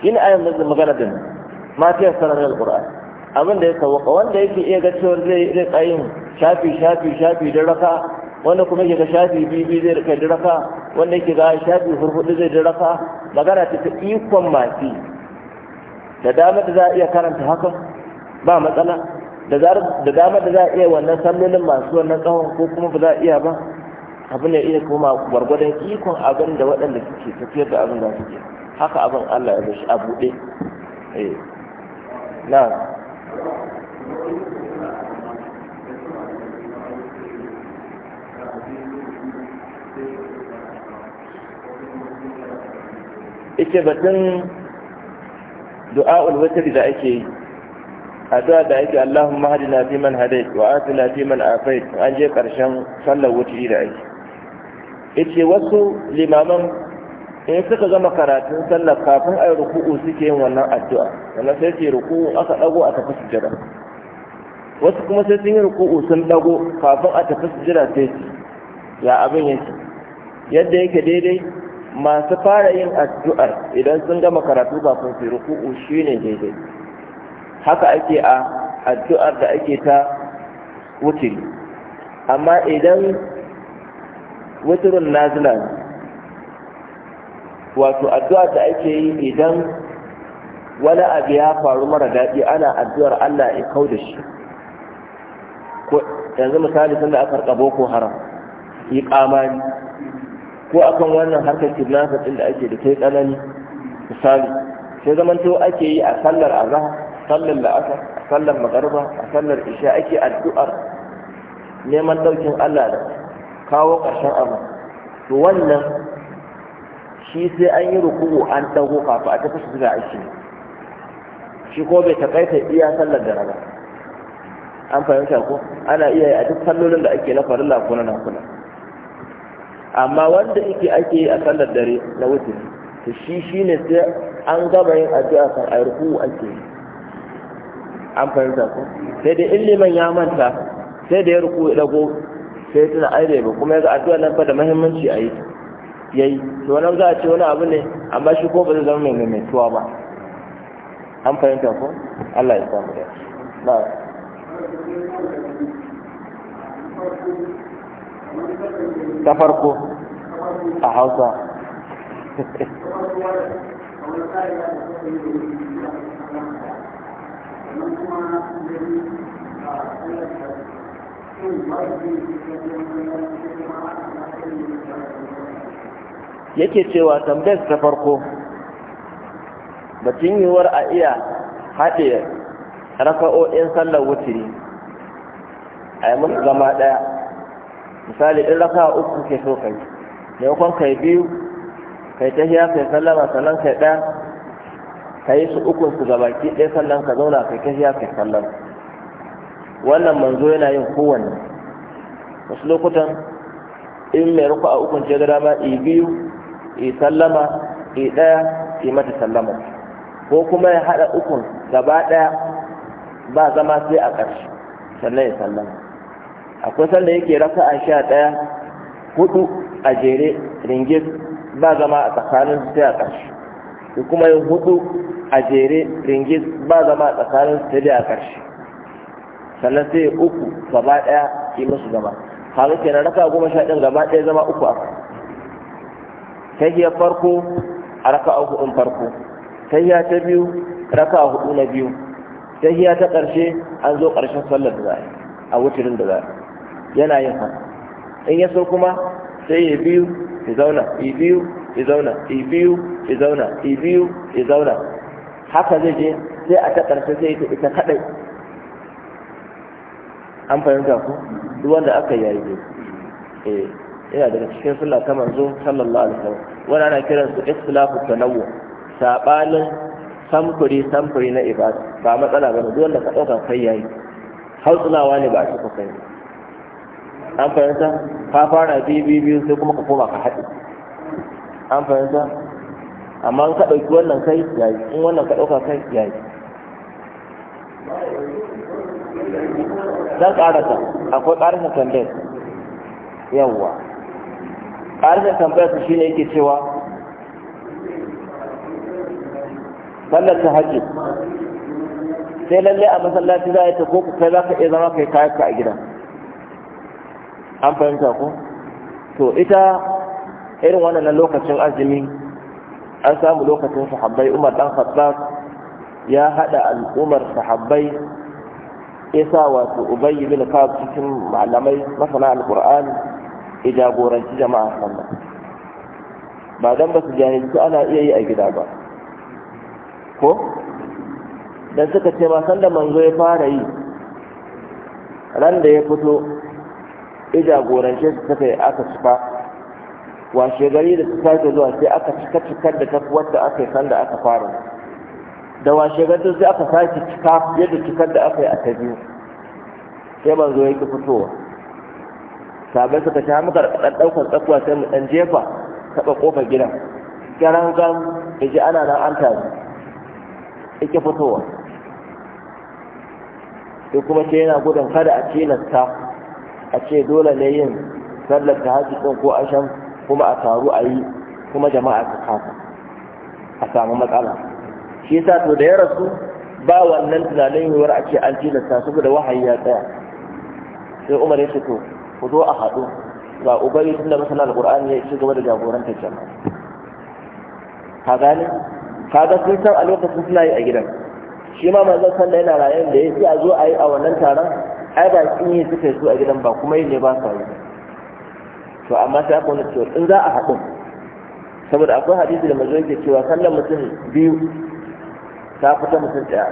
shi ne ayin magana din ma fiye sanar da al'ur'ani abin da ya sauka wanda yake iya ga cewar zai rika yin shafi shafi shafi da raka wanda kuma yake ga shafi bibi zai rika da raka wanda yake ga shafi hurhudu zai da raka magana ta ta ikon masu da dama da za a iya karanta haka ba matsala da damar da za a iya wannan sallolin masu wannan tsawon ko kuma ba za a iya ba abin da iya koma gwargwadon ikon abin da waɗanda suke tafiyar da abin da suke haka abin allah ya bashi a buɗe eh. na ita batun du'a'ul witr da ake yi addu'a da ake Allahumma hadina fi man hadayt wa atina fi man afayt an je karshen sallar wutri da ake ita wasu limaman in suka gama karatun sallah kafin a yi ruku'u suke yin wannan addu'a sannan sai ce ruku'u aka dago a tafi sujjada wasu kuma sai sun yi ruku'u sun dago kafin a tafi sujjada sai su ya abin yake yadda yake daidai masu fara yin addu'ar idan sun gama karatu kafin su ruku'u shine daidai haka ake a addu'ar da ake ta wutiri amma idan wuturin nazila ne wato addu'a da ake yi idan wani abu ya faru mara daɗi ana addu'ar Allah ya kau da shi yanzu misali sun da aka rika boko haram yi kamani ko akan wannan harkar kidnapper ɗin da ake da kai tsanani misali sai zamanto ake yi a sallar azhar sallar la'asa a sallar magarba a sallar isha ake addu'ar neman ɗaukin Allah da kawo ƙarshen abu to wannan shi sai an yi ruku'u an dago kafa a tafi su zuwa aiki shi ko bai takaita iya sallar da raba an fahimta ko ana iya yi a duk sallolin da ake na farilla ko na nakuna. amma wanda yake ake yi a sallar dare na wuce to shi shi ne sai an gama yin addu'a kan a ruku'u ake yi an fahimta ko sai da liman ya manta sai da ya ruku ya dago sai tana aire ba kuma ya ga addu'a nan fa da muhimmanci a yi ta ya yi to wannan za a ce wani abu ne amma shi ko ba zai zama mai tuwa ba an fahimta ko Allah ya samu da ba ta farko a hausa Thank you. yake cewa tambayar ta farko batun yiwuwar a iya haɗe raka'o'in sallar wuturi a yi musu zama ɗaya misali in raka uku ke so kai maimakon kai biyu kai ta hiya kai sallama sannan kai ɗaya ka yi su ukun su ki ɗaya sannan ka zauna kai ta hiya kai sallar. wannan manzo yana yin kowanne wasu lokutan in mai ruku a ukun ce da dama biyu i sallama ke ɗaya i mata sallama ko kuma ya haɗa ukun gaba ɗaya ba zama sai a ƙarshe sannan ya sallama akwai sanda yake a sha ɗaya hudu a jere ringis ba zama a tsakanin sai a ƙarshe ko kuma yin hudu a jere ringis ba zama a tsakanin sai a ƙarshe sannan sai uku gaba ɗaya ke musu gaba kaga kenan raka goma sha ɗin gaba ɗaya zama uku a ƙarshe. tahiyar farko a raka'a hudun farko tahiya ta biyu raka'a hudu na biyu tahiya ta ƙarshe an zo ƙarshen sallar da zai a wutirin da zai yana yin haka in ya so kuma sai ya biyu ya zauna ya biyu ya zauna ya biyu ya zauna ya biyu ya zauna haka zai je sai a ta ƙarshe sai ita ita kaɗai an fahimta ku duk wanda aka yayi eh yana daga cikin sunna ta manzo sallallahu alaihi wasallam wani ana kiran su ikhtilafu tanawwu sabanin samfuri samfuri na ibada ba matsala bane duk wanda ka dauka kai yayi hautsulawa ne ba a cika kai an fahimta ka fara biyu biyu biyu sai kuma ka koma ka haɗe an fahimta amma in ka ɗauki wannan kai yayi in wannan ka ɗauka kai yayi zan ƙarasa akwai ƙarasa tambayar yawwa ƙarshen tambayarsa ne yake cewa sallar ta hajji sai lalle a masallaci za a yi ta ko kai za ka iya zama kai kayanka a gida an fahimta ko to ita irin wannan lokacin azumi an samu lokacin sahabbai umar dan khattab ya hada al'umar sahabbai isa wato ubayy bin kab cikin malamai masana alqur'ani ya jagoranci jama'a sallah ba dan ba su jahilci ana iya yi a gida ba ko dan suka ce ma sanda manzo ya fara yi ran da ya fito ya jagorance su suka yi aka cika washe gari da su sake zuwa sai aka cika cikar da ta wadda aka yi sanda aka fara da washe gari sai aka sake cika yadda cikar da aka yi a ta biyu sai manzo ya ki fitowa sabai suka ta muka ɗan ɗaukar tsakuwa sai mu ɗan jefa taɓa ƙofar gidan garan gan da ji ana nan an tafi ike fitowa Duk kuma ce yana gudun kada a tilasta a ce dole ne yin sallar ta haji ɗin ko asham kuma a taru a yi kuma jama'a ta kafa a samu matsala shi yasa to da ya rasu ba wannan tunanin yiwuwar a ce an tilasta saboda wahayi ya tsaya sai umar ya ce to ku zo a haɗu ga ubangi tun da masana alƙur'ani ya ci gaba da jagorantar jama'a ka gane ka ga sun san a lokacin suna yi a gidan shi ma manzon sanda yana rayuwa da ya a zo a yi a wannan taron ai ba kin yi suka yi su a gidan ba kuma yin ne ba sa yi to amma sai aka wani cewa in za a haɗu saboda akwai hadisi da mazo yake cewa sallan mutum biyu ta fita mutum ɗaya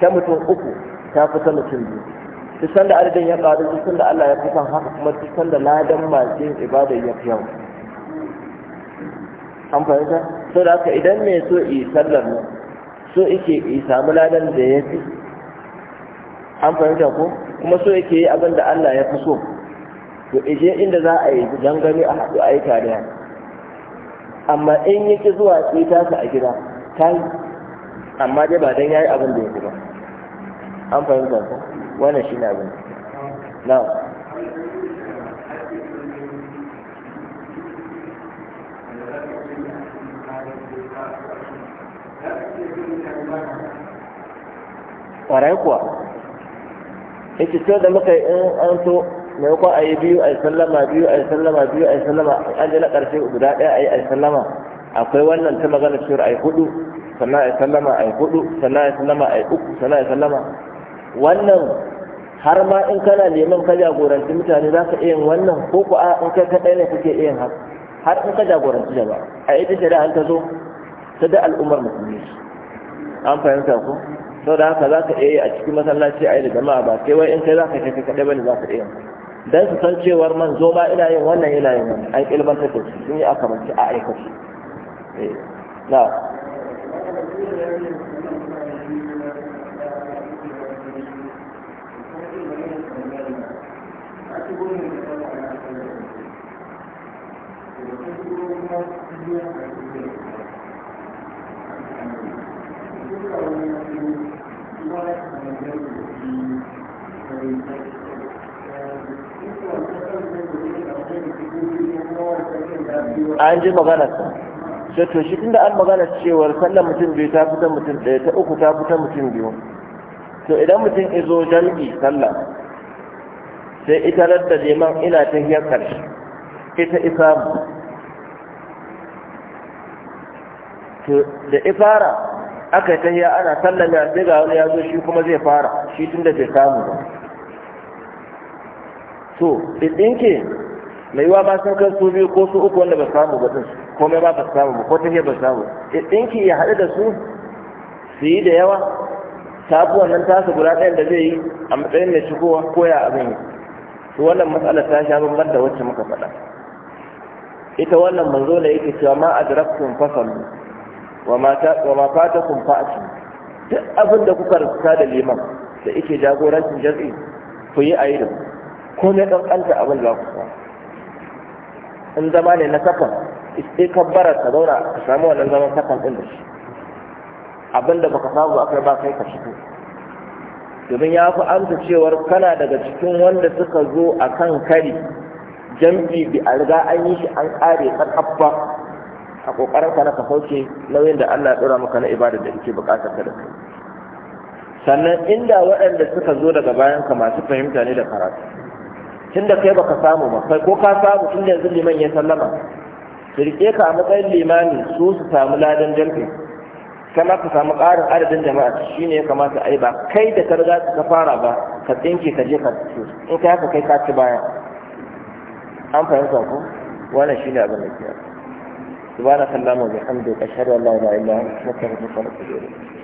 ta mutum uku ta fita mutum biyu duk sanda adadin ya ƙaru duk sanda Allah ya fi son haka kuma duk sanda ladan masu yin ibada ya fi yau an fahimta so da haka idan mai so yi sallar nan so yake yi samu ladan da ya fi an fahimta ko kuma so yake yi abin da Allah ya fi so to ije inda za a yi dangane a haɗu a yi tare amma in yake zuwa tsita su a gida ta yi amma dai ba don ya yi abin da ya fi ba an fahimta ko wannan shi ne abin na ƙwarai kuwa ya ce da muka yi in an so maimakon a yi biyu a yi sallama biyu a yi sallama biyu a yi sallama an ji na ƙarshe guda ɗaya a yi a yi sallama akwai wannan ta magana cewar a yi hudu sannan a yi sallama a yi hudu sannan a yi sallama a yi uku sannan a yi sallama wannan har ma in kana neman ka jagoranci mutane za ka iya wannan ko ku a in kai kaɗai ne kuke iya haka har in ka jagoranci ba a ita an ta zo ta da al'ummar musulmi an fahimta ko sau da haka za ka iya a cikin masallaci a yi da jama'a ba sai wai in kai za ka kai kaɗai bane za ka iya dan su san cewar man zo ma ina yin wannan ina yin wannan an ilmantar da su sun yi akamanci a aikace eh, na an ji magana sai to shi tunda an magana cewar sallan mutum biyu ta fita mutum ɗaya ta uku ta fita mutum biyu to idan mutum izo jami'i sallah sai ita da man ina ta hiyar ƙarshe ita isamu da ifara aka yi ta hiyar ana sallama a sai ga wani ya zo shi kuma zai fara shi tun da bai samu ba So, ɗinke mai yiwa ba sun kai su biyu ko su uku wanda ba samu ba ɗin komai ba ba samu ba ko ta hiyar ba samu ɗinke ya haɗu da su su yi da yawa sabuwan nan tasa guda ɗayan da zai yi a matsayin mai shigowa ya abin yi to wannan matsala ta sha bamban da wacce muka faɗa ita wannan manzo da yake cewa ma adraktum fasallu wa ma wa ma fatakum fa'tu duk abin da kuka rubuta da liman da yake jagorancin jaz'i ku yi yi da ko ne kankanta abin da ku in zama ne na kafan sai bara ka zauna ka samu wannan zaman kafan din da shi abin da baka samu akai ba kai ka shigo domin ya fi amsa cewar kana daga cikin wanda suka zo a kan kari jambi bi a riga an yi shi an ƙare kaffa a ƙoƙarin ka na ka nauyin da Allah ya ɗora maka na ibada da yake buƙatar ka da kai sannan inda waɗanda suka zo daga bayan ka masu fahimta ne da karatu tun da kai baka samu ba kai ko ka samu tun da yanzu liman ya sallama su ka a matsayin limani su su samu ladan jam'i kama ka samu ƙarin adadin jama'a shi ne ya kamata a yi ba kai da ka riga ka fara ba ka tsinke ka je ka ci in ka haka kai ka ci baya an fahimta ko wannan shine abin da ke subhanakallahumma wa bihamdika ashhadu an la ilaha illa anta astaghfiruka wa atubu ilayk